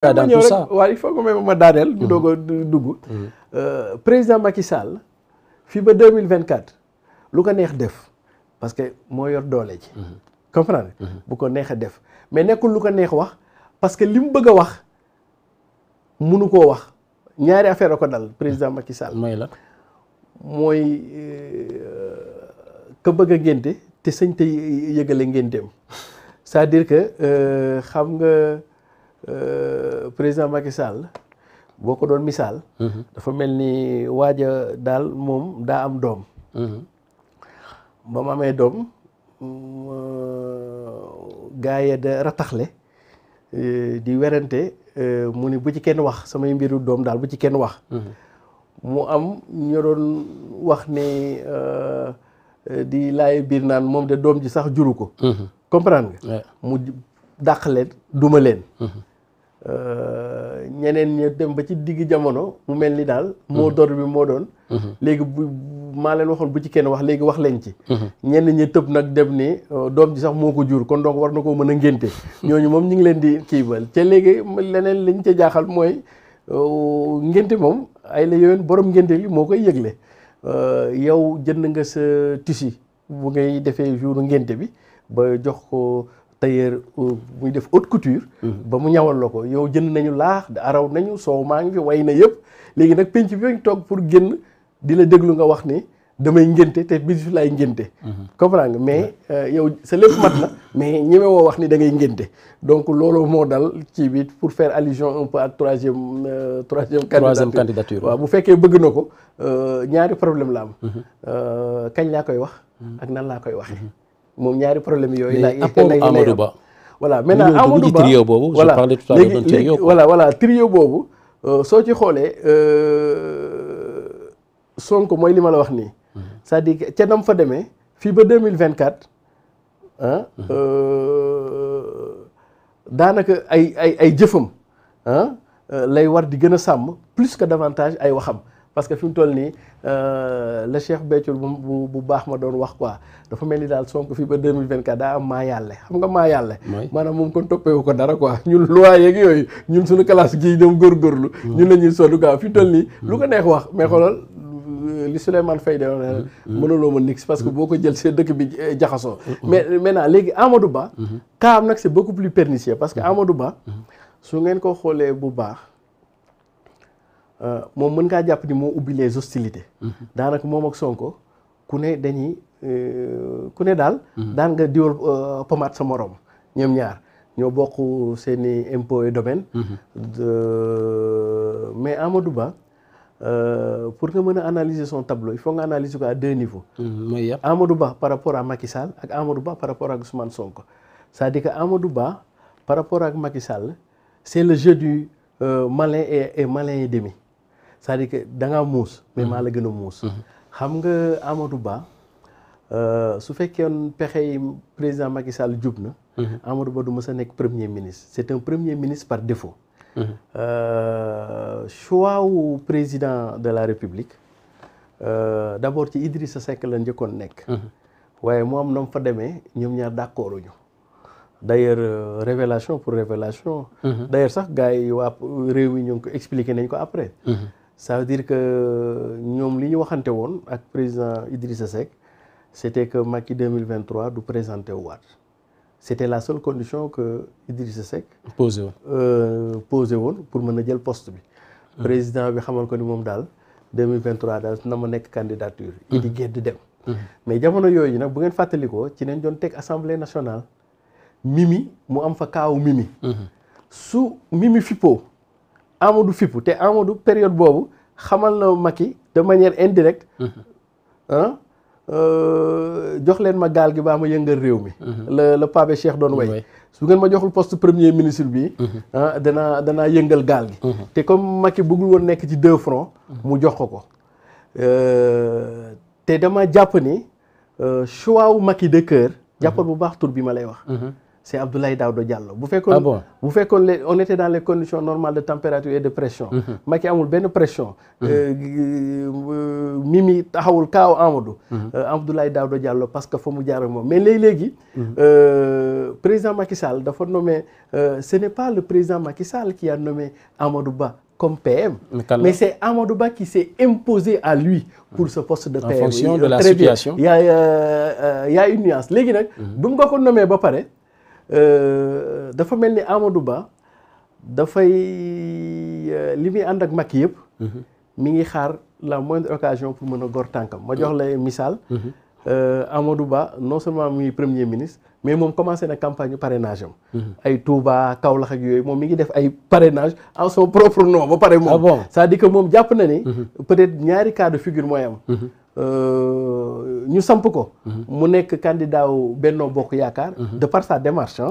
dans tout ça waaw il faut ma daaneel. ñu mm-hmm. doog a dugg. Mm-hmm. Euh, président Macky Sall fii ba deux mille vingt quatre lu ko neex def parce que moo yor doole ji. Mm-hmm. comprendre bu ko neex a def mais nekkul lu ko neex wax parce que li mu bëgg a wax munu koo wax ñaari affaire a ko dal président Macky Sall. mooy la mooy euh, ka bëgg a ngénte te sañ te yëgale ngénteem cest dire que euh, xam nga. Euh, président Macky boo ko doon missaal mhm. dafa mel ni waaja daal moom daa am doom. Mhm. ba mu amee doom euh, gaa yi da rataxle euh, di werante mu ni bu ci kenn wax samay mbiru doom daal bu ci kenn wax. Mhm. mu am ñu doon wax ne di laay biir naan moom de doom ji sax juru ko. comprendre mu dàq leen duma leen. Euh, ñeneen ñi dem ba ci digg jamono mu mel ni daal mhm. moo dor bi moo doon mhm. léegi bu maa leen waxul bu ci kenn wax léegi wax leen ci mhm. ñenn ñi tëb nag dem ni euh, doom ji sax moo ko jur kon donc war na koo mën a ngénte ñooñu moom ñu ngi leen di kiibal ca léegi leneen liñ ca jaaxal mooy euh, ngénte moom ay la yoween borom ngénte li moo koy yëgle yow jënd nga sa tissu bu ngay defee jour ngénte bi ba jox ko tailleur muy euh, def haute couture. Mhm. ba mu ñawal la ko yow jënd nañu laax araw nañu soow maa ngi fi way na yëpp léegi nag penc bi ñu toog pour génn di la déglu nga wax ni damay ngénte te bisu laay ngénte. Mhm. comprendre nga mais euh, yow sa lépp mat na mais ñeme woo wax ni da ngay ngénte donc loolu moo dal ci bi pour faire allusion un peu ak troisième. Euh, troisième candidature candidature waaw bu fekkee bëgg na ko ñaari problème la am. Mhm. kañ laa koy wax. ak nan laa koy waxe moom ñaari problème yooyu. la apport Amadou Ba. voilà maintenant Amadou Ba trio boobu. je parlais tout à trio boobu euh, soo ci xoolee euh, sonk mooy li ma la wax nii. Mhm. c'est-à-dire que ca nam fa demee fii ba deux mille vingt quatre mhm. euh, daanaka ay ay ay jëfam lay war di gën a sàmm plus que davantage ay waxam. parce que fi mu toll nii euh, la Cheikh Béthio bu baax ma doon wax quoi dafa mel ni daal Sonko fii ba 2024 daa am maa yàlle xam nga maa yàlle maanaam moom kon toppewu ko dara quoi ñun loi yeeg yooyu ñun suñu classe gii ñoom góorgóorlu mm. ñun la ñuy sonn quoi fi mu toll nii lu ko mm. neex wax mais mm. xoolal li Souleymane Faye de wax mënuloo ma nix parce que boo ko jël see dëkk bi eh, jaxasoo mais maintenant léegi Amadou Ba kaam mm-hmm. nag c'est beaucoup plus pernicieux parce que mm-hmm. Amadou Ba mm-hmm. su ngeen ko xoolee bu baax Euh, moom mën ngaa jàpp ni moo ubbi les hostilités. Mhm. daanaka moom ak Sonko ku ne dañuy euh, ku ne daal. Mhm. daan nga diwal euh, pomaat sa morom ñoom ñaar ñoo bokk seen i impôts et domaines. Mhm. mais Amadou Ba euh, pour nga mën a analyser son tableau il faut nga analyser ko à deux niveaux. mooy Ba par rapport à Macky Sall ak Amadou Ba par rapport ak Ousmane Sonko c'est-à-dire que Amadou Ba par rapport ak Macky Sall c'est le jeu du euh, malin et, et malin et demi. c'est-à-dire que da ngaa muus. mais mm-hmm. maa la gën a muus. Mm-hmm. xam nga Amadou Ba euh, su fekkoon pexe yi président Macky Sall jub na. Mm-hmm. Amadou Ba du mës a nekk premier ministre c'est un premier ministre par défaut. Euh, choix wu président de la République euh, d'abord ci sa Seck la njëkkoon nekk. waaye moom na mu fa demee ñoom ñaar d'accord ñu d'ailleurs révélation pour révélation d'ailleurs réew yi ñu ngi ko expliqué nañ ko après. ça veut dire que ñoom li ñu waxante woon ak président Idrissa Seck c'était que Macky 2023 du présenté waat c'était la seule condition que Idrissa Seck posé woon euh, posé woon pour mën a jël post bi président bi xamal ko ni moom daal 2023 daal na ma nekk candidature idi gedd dem mais jamono yooyu nag bu ngeen fàttali fàttalikoo ci neen doon teg assemblée nationale mimi mu am fa kaaw mimi su mimi fippoo du fippu te Amadou période boobu xamal na Macky de manière indirecte ah jox leen ma gaal gi baa ma yëngal réew mi la mhm. la Pape Cheikh doon way su ngeen ma joxul poste premier ministre bi mhm. dana danaa yëngal gaal gi te comme Macky bëggul woon nekk ci deux fronts mu jox ko ko euh, te dama jàpp ni euh, choix wu Macky de cœur jàppal bu baax tour bi ma lay wax c'est Abdoulaye Daouda Diallo bu fekkoon ah bu fekkoon les on était dans les conditions normales de température et de pression mm-hmm. Macky amul benn pression mm-hmm. euh, euh, Mimi taxawul kaaw Amadou mm-hmm. euh, daaw Daouda Diallo parce que foo mu jaar ak moom mais léegi-léegi président Macky Sall dafa nommé ce n'est pas le président Macky Sall qui a nommé Ba comme PM. Mais c'est Amadou Ba s'est imposé à lui pour mm. ce post de en PM. En fonction oui, de la situation. Il y, a, euh, euh, il Euh, dafa mel ni Amadou Ba dafay euh, li muy ànd ak Macky yëpp. Mhm. mi ngi xaar la moindre occasion pour mën a gor tànkam. ma jox lay mhm. misaal. Mhm. Euh, Amadou Ba non seulement muy premier ministre mais moom commencé na campagne parrainage am. ay Touba Kaolack ak yooyu moom mi ngi def ay parrainage en son propre nom ba pare moom. Ah c'est-à-dire moom jàpp na ni. peut-être ñaari cas de figure mooy am. Euh, ñu samp ko. Mhm. mu nekk candidat wu Benno Bokk Yaakaar. Mhm. de par sa démarche euh,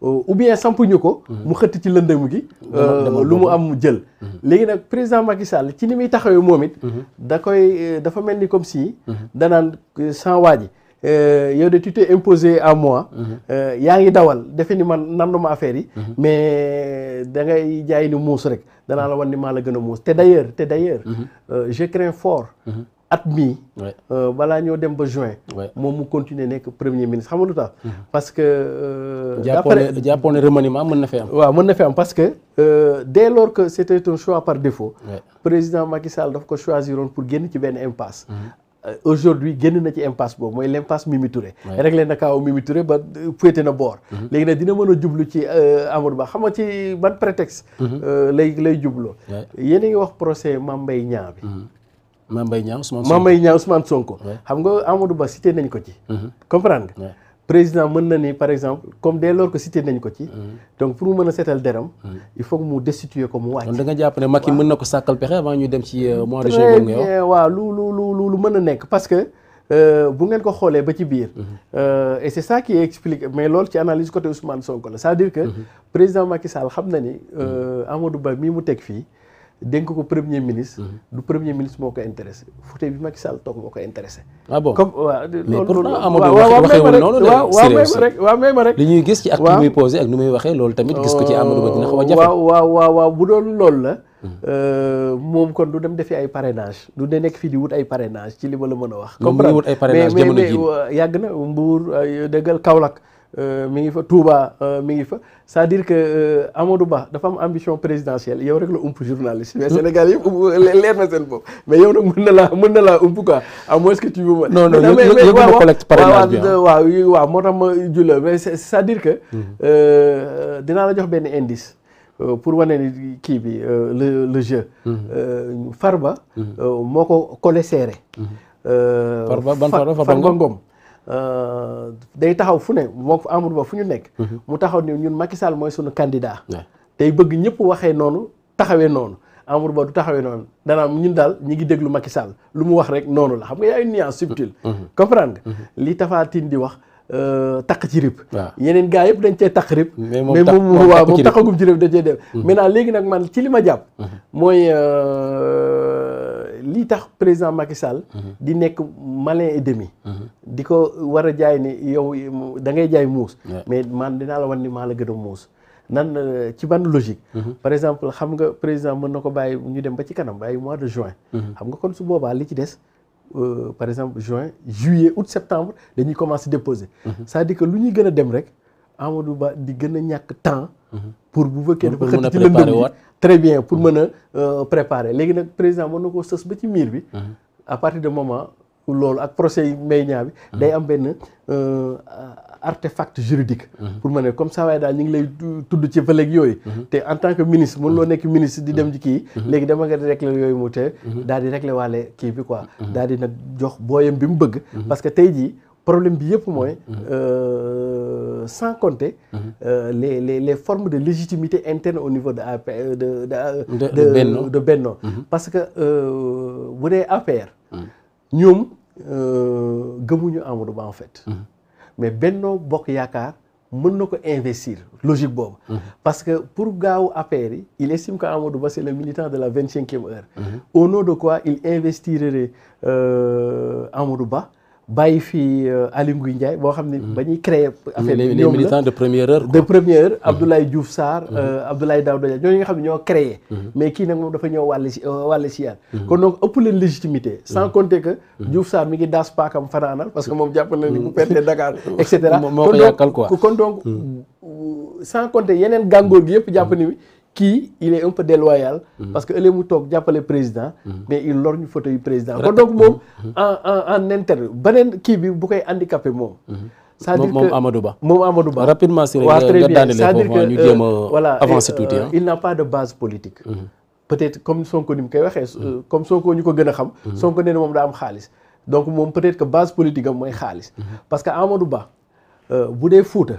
ou bien samp ñu ko. Mhm. mu xëtt ci lëndëm gi. Euh, lu mu am jël. léegi nag président Macky Sall ci ni muy taxawee moom it. da koy dafa mel ni comme si. danaan sans waa ji yow de tu t'es imposé à moi. yaa ngi dawal defe ni man nanduma affaire yi. mais da ngay jaay ni muus rek danaa la wan ni maa la gën a muus te d'ailleurs te d'ailleurs je crains fort. at mii. Euh, balaa ñëw dem ba juin. moom mu continuer nekk premier ministre xam nga lu tax. Mhm. parce que. Euh, d'après jàppoon ne remaniement mën na fi am. waaw mën na fi am parce que. Euh, dès lors que c'était un choix par défaut. président Macky Sall daf ko choisiroon pour génn ci benn impasse. Mhm. aujourd'hui génn na ci impasse boobu mooy l'impasse Mimi rek réglé na kaaw Mimi Touré ba féete na boor mhm. léegi nag dina mën a jublu ci Amadou Ba xam nga ci ban prétexte lay lay jubloo yéen a ngi wax procès Mame Mbaye Mame Mbaye Niang Ousmane Sonko Mame Mbaye Niang Ousmane Sonko. xam nga Amadou Ba nañ ko ci. Mhm. comprendre nga. président mën na ni par exemple comme dès lool ko cité nañ ko ci. Mhm. donc pour mu mën a seetal deram. il faut mu destituer ko mu wàcc. kon da nga jàpp ne Macky mën na ko sàkkal pexe avant ñu dem ci euh, mois de juin. nga yow waaw lu lu lu mën a nekk parce que. Euh, bu ngeen ko xoolee ba ci biir. Mhm. Euh, et c' est ça qui explique mais loolu ci analyse côté Ousmane Sonko la c'est-à-dire que. président Macky Sall xam na ni. Amadou Ba mii mu teg fii. dénk ko premier ministre. du premier ministre moo ko intéressé fauteuil bi Macky Sall toog moo ko intéressé. ah bon comme waaw loolu waaw waaw may ma rek waaw li ñuy gis ci ak ak nu muy waxee loolu tamit gis ko ci Amadou Ba a jafe. waaw waaw waaw bu doon loolu la. moom kon du dem defi ay parrainage du de nekk fii di wut ay parrainage ci li ma la mën a wax. comprendre mais mais yàgg na Mbour dëggal Kaolack. Euh, mi ngi fa Touba euh, mi ngi fa c'est-à-dire que euh, Amadou Ba dafa am ambition présidentielle yow rek la ump journaliste. mais Sénégal yëpp leer na seen bopp. mais yow nag mën na laa na laa ump quoi à moins que tu moo tax ma julla mais c'est-à-dire que mm-hmm. dinaa la jox benn indice. pour wane ni kii bi le le jeu. Mm-hmm. Farba. Mm-hmm. moo ko collé serré. Farba ban Farba Farba Ngom. Euh, day taxaw fu ne mook Amadou Ba fu ñu nekk. Mhm. mu taxaw ne ñun Macky Sall mooy sunu candidat. tey bëgg ñëpp waxee noonu taxawee noonu Amadou Ba du taxawee noonu danaa ñun daal ñi ngi déglu Macky Sall lu mu wax rek noonu la xam nga y a une nuance subtile. Mhm. Mhm. comprendre nga li Tafatine di wax. Euh, takk ci rib yeneen gaa yëpp dañ cee takk rib mais moom waaw moom takkagum ci rib dañ cee def léegi nag man ci li ma jàpp mooy euh, lii tax président Macky Sall. Mhm. di nekk malin et demi. Mhm. di ko war a jaay ni yow da ngay jaay muus. mais man dinaa la wan ni maa la gën a muus. nan euh, ci ban logique. Mhm. par exemple xam nga président mën na ko bàyyi ñu dem ba ci kanam bàyyi mois de juin. xam nga kon su boobaa li ci des. Euh, par exemple juin juillet août septembre dañuy commencer déposer. c'est-à-dire que lu ñuy gën a dem rek. Amadou Ba di gën a ñàkk temps. Mhm. pour bu fekkee dafa xëtt ci lëndëm bi très bien pour mhm. mën a euh, préparer léegi nag président mën na koo sës ba ci miir bi. Mhm. à parti de moment loolu ak procès yi may ñaa bi. day am benn euh, artefact juridique. pour mën a comme ça waaye daal ñu ngi lay tudd ci vëleeg yooyu. te en tant que ministre mën loo nekk ministre di dem ci kii. léegi dama nga di régler yooyu mu te daal di régler waale kii bi quoi. daal di nag jox booyam bi mu bëgg. parce que tey jii problème bi yëpp mooy. Euh, Euh, sans compter. Mhm. Euh, les les formes de légitimité interne au niveau de APR euh, de de. de Benno de Benno mhm. parce que bu dee APR. Mhm. ñoom gëmuñu Amadou Ba en fait. mais Benno Bokk Yaakaar. mën na ko investir logique boobu. parce que pour gaaw APR yi il estime que Amadou Ba c'est le militant de la vingt cinquième heure. au nom de quoi il investirait Amadou Ba. bàyyi fi euh, Aly Ngouille Ndiaye boo xam ne mhm. ba ñuy créé affaire bi ñoom la militants de première heure de première heure mhm. Abdoulaye Diouf Sarr mhm. euh, Abdoulaye Daouda Diallo ñooñu nga xam ne ñoo créé mais kii nag moom dafa ñëw wàll si euh, wàll si yaan kon donc ëpp leen légitimité sans compter que Diouf Sarr mi ngi daas paakam fanaanal parce que moom jàpp na ni bu perdee Dakar et cetera moo ko kon donc sans compter yeneen gàngoor bi yëpp jàpp ni kii il est un peu déloyal. Mhm. parce que ëllëg mu toog jàppale président. Mhm. mais il lorgne fauteuil yu président. kon donc moom mhm. en en en beneen kii bi bu koy handicapé moom. c'est-à-dire que moom Amadou Ba. moom Amadou Ba a euh, voilà avancer tuuti ah. il n'a pas de base politique. peut-être comme Sonko ni mu koy waxee. Euh, comme Sonko ñu ko gën a xam. Sonko nee na moom daa am xaalis. donc moom peut-être que base politique am mooy xaalis. parce que Amadou Ba bu dee Fuuta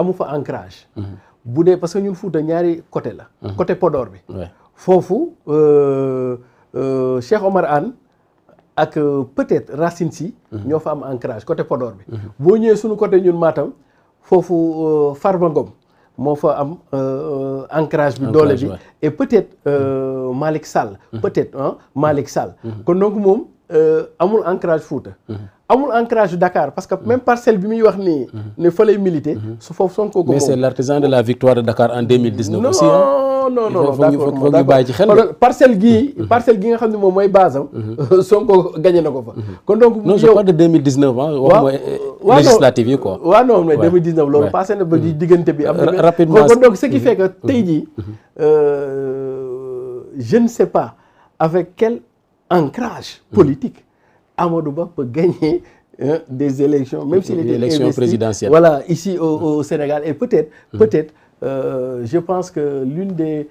amu fa encrage bu dee parce que ñun Fouta ñaari côté la. côté Podor bi. foofu euh, euh, Cheikh Omar Anne ak euh, peut-être Racine Sy. ñoo fa am ancrage côté Podor bi. boo ñëwee suñu côté ñun maatam foofu Farba Ngom moo fa am ancrage bi doole bi et peut-être Malick Sall. peut-être ah Malick Sall. moom. Euh, amul ancrage Fouta. amul ancrage Dakar parce que même parcelle bi muy wax nii. ne fa lay militer. su foofu Sonko ko mais c'est la victoire de Dakar en 2019 aussi non non non d'accord foog ñu bàyyi ci xel parcelle mhm, mhm. ne moom mooy base am. Mhm. Sonko gagné na ko fa. kon donc non je parle de 2019 na ba di diggante bi. am na rapidement kon donc ce qui fait tey jii euh, je ne sais pas avec quel ancrage politique Amadou Ba peut gagner hein, des élections même s'il était investi présidentielle voilà ici au, au Sénégal et peut-être peut-être euh, je pense que l'une des